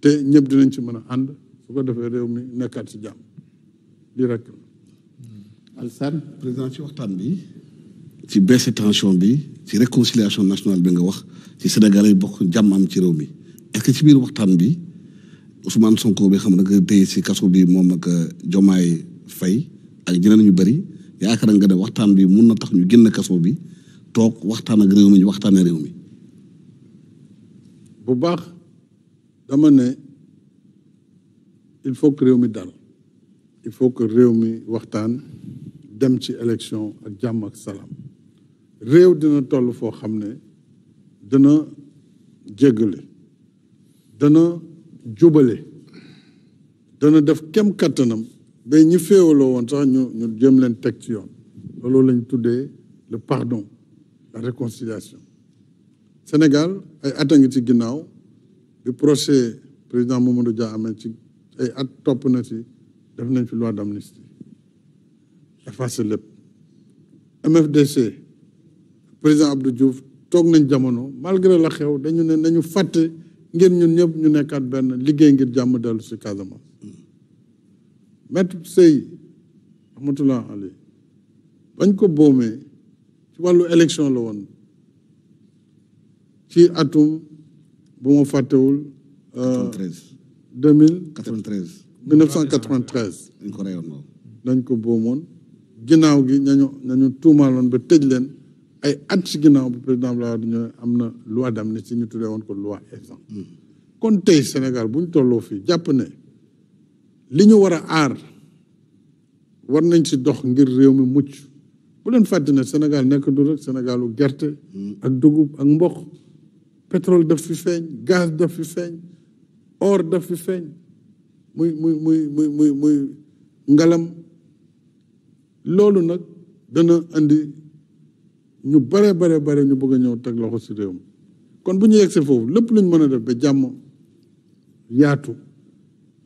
te ñëpp dinañ ci mën a ànd su ko defee réew mi nekkaat si jàmm di rek Alassane président ci waxtaan bi ci baisse tension bi ci réconciliation nationale bi nga wax ci Sénégal yi bokk jàmm am ci réew mi est ci biir waxtaan bi Ousmane Sonko bi xam ne nga tey si kaso bi moom ak Jomaay euh, Fay ak ñeneen ñu bëri yaakaar nga ne waxtaan bi mun na tax ñu génn kaso bi toog waxtaan ak réew mi ñu waxtaanee réew mi. bu baax dama ne il faut que réew mi dal il faut que réew mi waxtaan dem ci élection ak jàmm ak salaam. réew dina toll foo xam ne dana jéggale dana jubale dana def kem kattanam ba ñi féewaloo woon sax ñu ñu jëm leen teg ci yoon loolu lañ tuddee le pardon la réconciliation Sénégal ay at a ngi ci ginnaaw bi procès président Mamadou Dia amee ci ay at topp na ci def nañ fi loi d'amnistie effacer lépp MFDC président Abdou Diouf toog nañ jamono malgré la xew dañu ne nañu fàtte ngir ñun ñëpp ñu nekkaat benn liggéey ngir jàmm dellu si Casamance. maître Sey Ahmatullah Ali bañ ko boomee ci wàllu élection la woon ci atum bu ma fàttewul. 93 2093. 1993. dañ ko reyoon dañ ko boomoon ginnaaw gi ñañu ñañu tuumaaloon ba tëj leen. ay at ci ginnaaw bu président Abdoulaye Wade ñëw am na loi d'amnistie ñu tuddee woon ko loi f hmm. kon tey Sénégal bu ñu tolloo fii jàpp ne li ñu war a aar war nañ ci dox ngir réew mi mucc bu leen fàtte ne Sénégal nekk du rek Sénégalu gerte hmm. ak dugub ak mboq pétrole daf fi feeñ gaz daf fi feeñ or daf fi feeñ muy muy muy muy muy muy ngalam loolu nag dana indi ñu bare bare bare ñu bëgg a ñëw teg loxo si réew mi kon bu ñu yegsee foofu lépp lu ñu mën a def ba jàmm yaatu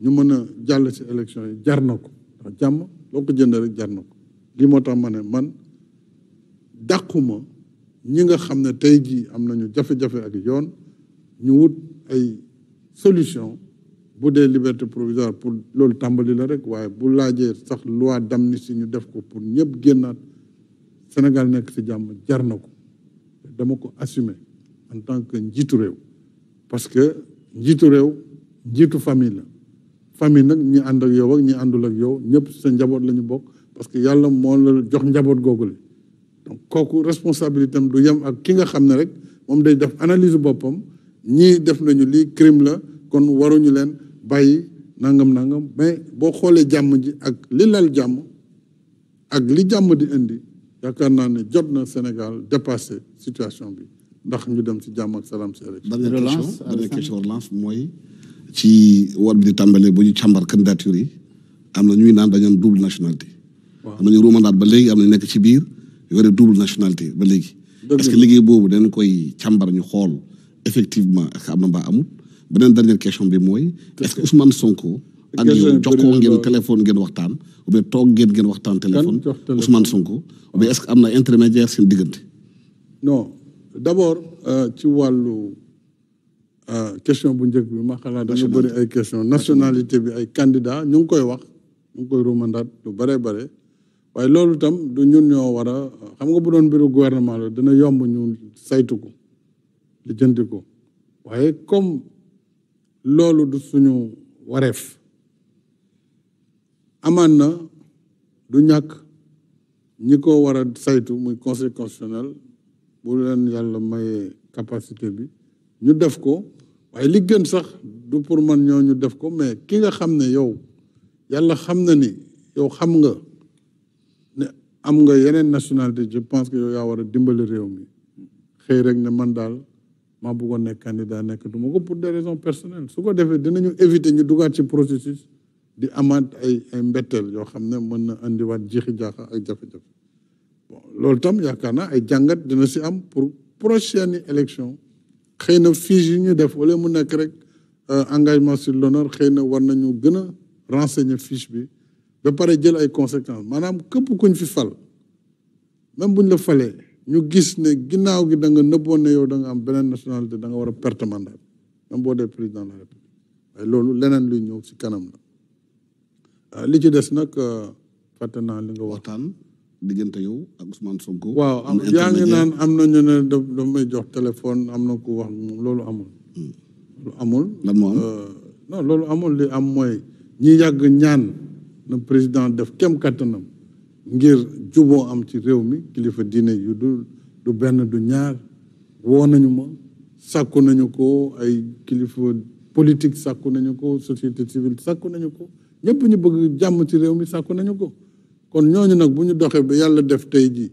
ñu mën a jàll si élection yi jar na ko ndax jàmm loo ko jënd rek jar na ko lii moo tax ma ne man dàquma ñi nga xam ne tey jii am nañu jafe-jafe ak yoon ñu wut ay solution bu dee liberté provisoire pour loolu tàmbali la rek waaye bu laajee sax loi si ñu def ko pour ñëpp génnaat Sénégal nekk ci jàmm jar na ko dama ko assumer en tant que njiitu réew parce que njiitu réew njiitu famille la famille nag ñi ànd ak yow ak ñi àndul ak yow ñëpp sa njaboot la ñu bokk parce que yàlla moo la jox njaboot googule donc kooku responsabilité am du yem ak ki nga xam ne rek moom day def analyse boppam ñi def nañu lii crime la kon waruñu leen bàyyi nangam nangam mais boo xoolee jàmm ji ak li lal jàmm ak li jàmm di indi yaakaar naa ne jot na Sénégal dépassé situation bi ndax ñu dem ci jàmm ak salaam si élection. relance question relance mooy ci war bi di tàmbalee bu ñu càmbar candidature yi am na ñuy naan dañu am double nationalité. waaw am na ñu ruumandaat ba léegi am na nekk ci biir yore double nationalité ba léegi. est-ce que liggéey boobu dañ koy càmbar ñu xool effectivement est am na mbaa amul beneen dernière question bi mooy. est-ce que Ousmane Sonko. ak yow jokkoo ngeen téléphone ngeen waxtaan ou bien toog ngeen ngeen waxtaan téléphone Ousmane Sonko ou bien est-ce que am na intermédiaire seen diggante non d'abord euh, ci wàllu euh, question bu njëkk bi ma xalaat dañu bëri ay question nationalité bi ay candidat ñu ngi koy wax ñu ngi koy rumandaat lu bare bare waaye loolu itam du ñun ñoo war a xam nga bu doon mbiru gouvernement la dana yomb ñu saytu ko lijjanti ko waaye comme loolu du suñu wareef amaan na du ñàkk ñi ko war a saytu muy conseil constitutionnel bu leen yàlla mayee capacité bi ñu def ko waaye li gën sax du pour man ñoo ñu def ko mais ki nga xam ne yow yàlla xam na ni yow xam nga ne am nga yeneen nationalité je pense que yow yaa war dimbali réew mi xëy rek ne man daal maa bëggoon nekk candidat nekk du ma ko pour des raisons personnelles su ko defee dinañu éviter ñu dugaat ci processus di amaat ay ay yoo xam ne mën na indiwaat jeexi jaaxa ak jafe-jafe bon loolu tam yaakaar naa ay jàngat dina si am pour prochaine élection xëy na fiche yi ñu def wala mu nekk rek euh, engagement sur l'honneur xëy na war nañu gën a renseigner fiche bi ba pare jël ay conséquences maanaam képp koñ fi fal même buñ la falee ñu gis ne ginnaaw gi da nga nëbboon ne yow da nga am beneen nationalité da nga war a perte mandat même boo dee président de la république waaye loolu leneen luy ñëw si kanam Euh, li ci des nag euh, fàtte naa li nga waxtaan diggante yow ak Ousmane Sonko. waaw yaa ngi naan am na ñu ne daf may jox téléphone am na ku wax loolu amul. Hmm. lu amul. lan moo euh, loolu amul li am mooy ñi yàgg ñaan na président def kem kattanam ngir juboo am ci réew mi kilifa diine yu du du benn du ñaar woo nañu ma sàkku nañu ko ay kilifa politique sàkku nañu ko société civile sàkku nañu ko. ñëpp ñu bëgg jàmm ci réew mi sàkku nañu ko kon ñooñu nag bu ñu doxee ba yàlla def tey ji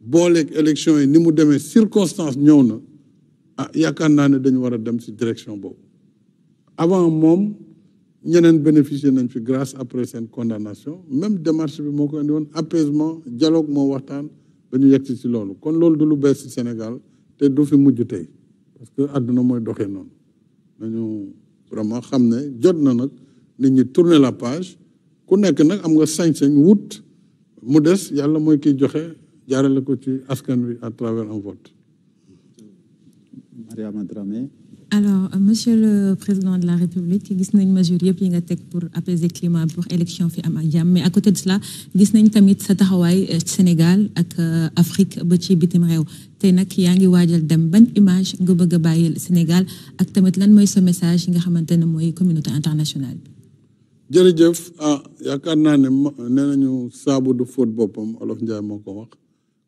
booleeg élection yi ni mu demee circonstance ñëw na ah yaakaar naa ne dañu war a dem si direction boobu avant moom ñeneen bénéficier nañ fi grâce après seen condamnation même démarche bi moo ko indi woon apaisement dialogue moo waxtaan ba ñu yegg si loolu kon loolu du lu bees si Sénégal te du fi mujj tey parce que àdduna mooy doxee noonu nañu vraiment xam ne jot na nag nit ñi tourner la page ku nekk nag am nga sañ-sañ wut mu des yàlla mooy kiy joxe jaarale ko ci askan wi à travers un vote. Mariama Dramé. alors euh, monsieur le président de la république gis nañ mesure yëpp yi nga teg pour apaiser climat pour élection fi am ak jàmm mais à côté de gis nañ tamit sa taxawaay euh, Sénégal ak euh, Afrique ba ci bitim réew tey nak yaa ngi waajal dem ban image nga bëgg a bàyyil Sénégal ak tamit lan mooy sa message yi nga xamante ne mooy communauté internationale bi jërëjëf ah yaakaar naa ne nee nañu saabu du fóot boppam olof Njaay moo ko wax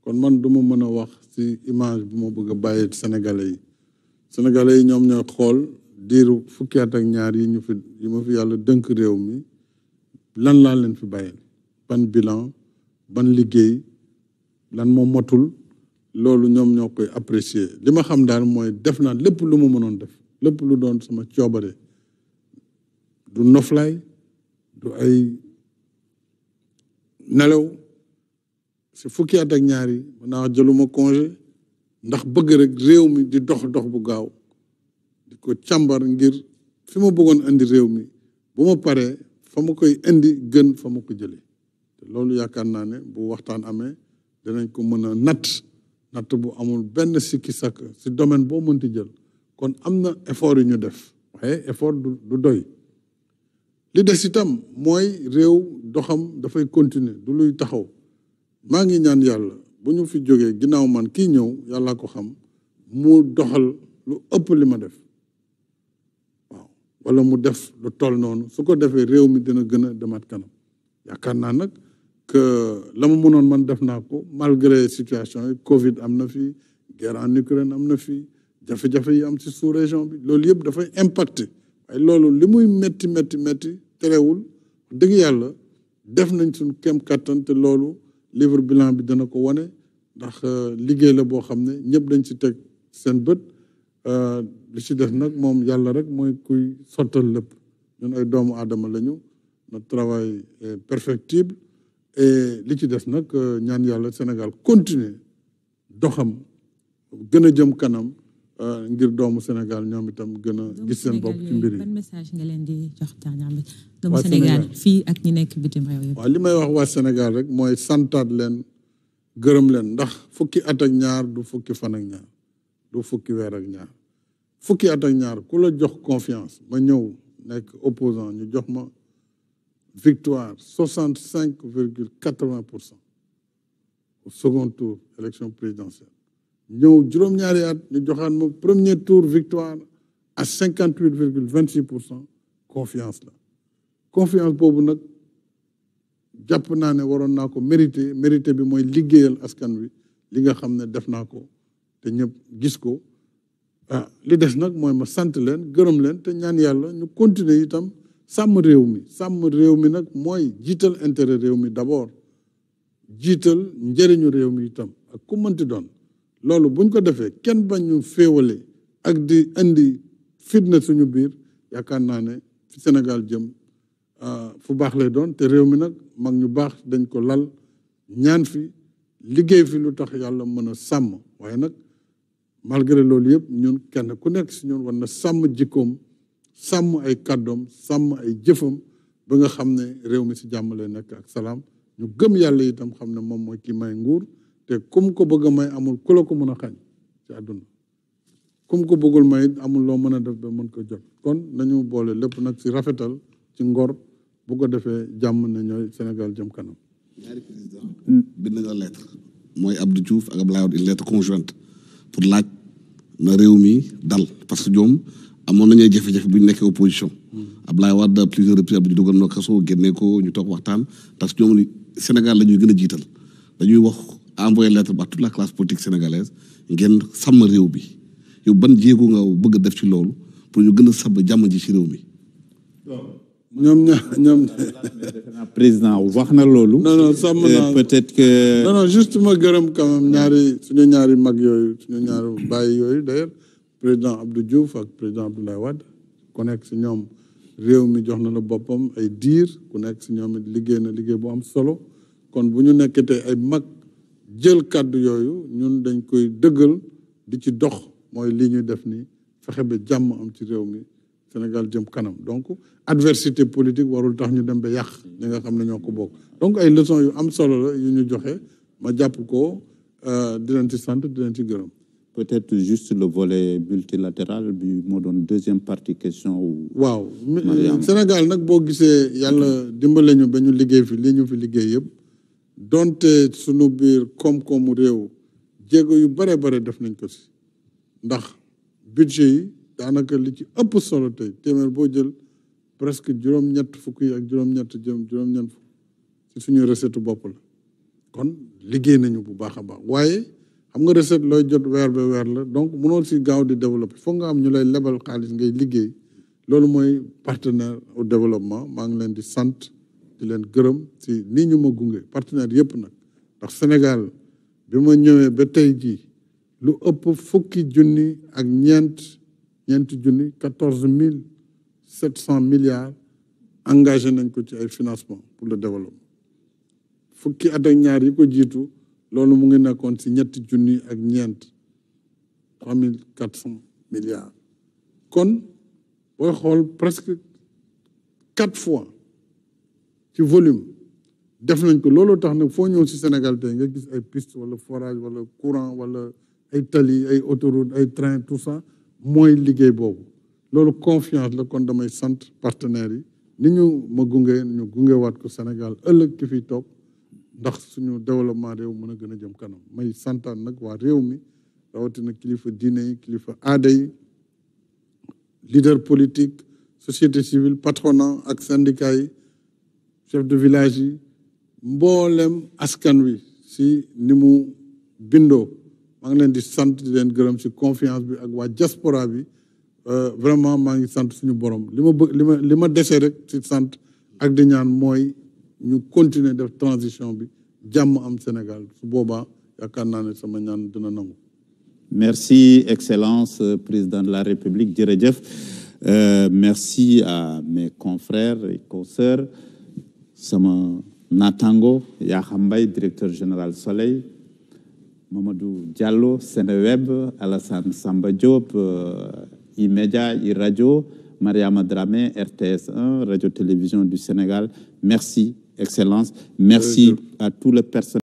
kon man duma mën a wax si image bu ma bëgg a bàyyi Sénégalais yi Sénégalais yi ñoom ñooy xool diiru fukki at ñaar yi ñu fi yi ma fi yàlla dënk réew mi lan laa leen fi bàyyil ban bilan ban liggéey lan moo motul loolu ñoom ñoo koy apprécier li ma xam daal mooy def naa lépp lu mu mënoon def lépp lu doon sama coobare du noflaay du ay nelaw si fukki at ak ñaar yi naa jëluma congé ndax bëgg rek réew mi di dox dox bu gaaw di ko càmbar ngir fi ma bëggoon indi réew mi bu ma paree fa ma koy indi gën fa ma ko jële loolu yaakaar naa ne bu waxtaan amee dinañ ko mën a natt natt bu amul benn sikki sàkk si domaine boo mënti jël kon am na effort yu ñu def waaye effort du doy li des itam mooy réew doxam dafay continuer du luy taxaw maa ngi ñaan yàlla bu ñu fi jógee ginnaaw man kii ñëw yàlla ko xam mu doxal lu ëpp li ma def waaw wala mu def lu toll noonu su ko defee réew mi dina gën a demaat kanam yaakaar naa nag que la ma mënoon man def naa ko malgre situation yi Covid am na fi guerre en Ukraine am na fi jafe-jafe yi am si sous-région bi loolu yëpp dafay impacte loolu li muy métti métti métti terewul dëgg yàlla def nañ suñu kem kattan te loolu livre bilan bi dana ko wane ndax euh, liggéey la boo xam ne ñëpp dañ si teg seen bët euh, li ci def nag moom yàlla rek mooy kuy sottal lépp ñun ay doomu aadama lañu notre travail est perfectible et li ci des nag euh, ñaan yàlla Sénégal continuer doxam gën a jëm kanam Euh, ngir doomu Sénégal ñoom itam gën a gis seen bopp ci mbir yi. ban message leen di jox doomu Sénégal ak ñi nekk bitim réew yi. waaw li may wax waa Sénégal rek mooy santaat leen gërëm leen ndax fukki at ak ñaar du fukki fan ak ñaar du fukki weer ak ñaar fukki at ak ñaar ku la jox confiance ma ñëw nekk opposant ñu jox ma victoire soixante cinq virgule quatre vingt pour cent second tour élection présidentielle ñëw juróom-ñaari at ñu joxaan moom premier tour victoire a cinquante huit virgule vingt six pour cent confiance la confiance boobu nag jàpp naa ne waroon naa ko mérité mérité bi mooy liggéeyal askan wi li nga xam ne def naa ko te ñëpp gis ko ah li des nag mooy ma sant leen gërëm leen te ñaan yàlla ñu continuer itam sàmm réew mi sàmm réew mi nag mooy jiital intérêt réew mi d'abord jiital njëriñu réew mi itam ak ku mënti doon loolu buñ ko defee kenn bañ ñu féewalee ak di indi fitna suñu biir yaakaar naa ne fi Sénégal jëm ah, fu baax lay doon te réew mi nag mag ñu baax dañ ko lal ñaan fi liggéey fi lu tax yàlla mën a sàmm waaye nag malgré loolu yëpp ñun kenn ku nekk si ñun war na sàmm jikkoom sàmm ay kàddoom sàmm ay jëfam ba nga xam ne réew mi si jàmm lay nekk ak salaam ñu gëm yàlla yitam xam ne moom mooy ki may nguur te kum ko bëgg a may amul ku la ko mën a xañ ci àdduna kum ko bëggul may amul loo mën a def ba mën ko jot kon nañu boole lépp nag si rafetal ci ngor bu ko defee jàmm ne ñooy Sénégal jëm kanam. ñaari président bind nga lettre mooy ak Abdoulaye Wade une lettre conjointe pour laaj na réew mi dal parce que ñoom amoon nañu ay jafe-jafe bu ñu nekkee opposition. Hmm. Abdoulaye Wade plusieurs reprises Abdou dogal na kaso génne ko ñu toog waxtaan parce que ñoom Sénégal la ñuy gën a jiital dañuy wax. envoyé lettre ba toute la classe politique sénégalaise ngeen sàmm réew bi yow ban jéego nga bëgg a def ci loolu pour ñu gën a sàmm jàmm ji ci réew mi. ñoom ña ñoom. président wax na loolu. non non sàmm euh, naa peut-être que. non non juste ma gërëm quand même ñaari suñu ñaari mag yooyu suñu ñaari bàyyi yooyu d'ailleurs président Abdou Diouf ak président Abdoulaye Wade ku nekk si ñoom réew mi jox na la boppam ay diir ku nekk si ñoom it liggéey na liggéey bu am solo kon bu ñu nekkatee ay mag. jël kàddu yooyu ñun dañ koy dëggal di ci dox mooy li ñuy def nii fexe ba jàmm am ci réew mi Sénégal jëm kanam donc adversité politique warul tax ñu dem ba yàq ñi nga xam ne ñoo ko bokk donc ay leçons yu am solo la yu ñu joxe ma jàpp ko euh, di leen ci sant di leen ci gërëm. peut-être juste le volet multilatéral bi moo doon deuxième partie question. waaw euh, Sénégal nag boo gisee yàlla dimbale ñu ba ñu liggéey fi li ñu fi liggéey yëpp. donte sunu biir koom-koomu réew jéego yu bare bare def nañ ko si ndax budget yi daanaka li ci ëpp solo tey téeméer boo jël presque juróom-ñett fukk yi ak juróom-ñett juróom-ñett fukk ci suñu recette bopp la kon liggéey nañu bu baax a baax waaye xam nga recette looy jot weer ba weer la donc mënoo si gaaw di développer foog nga am ñu lay lebal xaalis ngay liggéey loolu mooy partenaire au développement maa ngi leen di sant di leen gërëm si nii ñu ma gunge partenaire yëpp nag ndax Sénégal bi ma ñëwee ba tey jii lu ëpp fukki junni ak ñeent ñeenti junni quatorze mille sept cent milliards engagé nañ ko ci ay financement pour le développement fukki at ñaar yi ko jiitu loolu mu ngi nekkoon si ñetti junni ak ñeent trois mille quatre cent milliards kon booy xool presque quatre fois ci volume def nañ ko looloo tax nag foo ñëw si Sénégal tey nga gis ay piste wala forage wala courant wala ay tali ay autoroute ay train tout ça mooy liggéey boobu loolu confiance la kon damay sant partenaires yi ni ñu ma gunge ñu gungewaat ko Sénégal ëllëg ki fi toog ndax suñu développement réew mën a gën a jëm kanam may santaan nag waa réew mi rawatina kilifa diine yi kilifa aada yi leader politique société civile patronat ak syndicat yi chef de village yi mboolem askan wi si ni mu bindoo maa ngi leen di sant di leen gërëm si confiance bi ak waa diaspora bi euh, vraiment maa ngi sant suñu borom li ma li ma li ma dese rek si sant ak di ñaan mooy ñu continuer def transition bi jàmm am Sénégal su boobaa yaakaar naa ne sama ñaan dina nangu. Merci, Excellence, euh, Président de la République, Djeredjef. Euh, merci à mes confrères et consoeurs. sama natango Yakham Mbaye directeur général Soleil Mamadou Diallo Seneweb Alassane Samba Diop euh, E-Media E-Radio Mariama Dramé RTS1 Radio Télévision du Sénégal merci Excellence merci à tout le personnel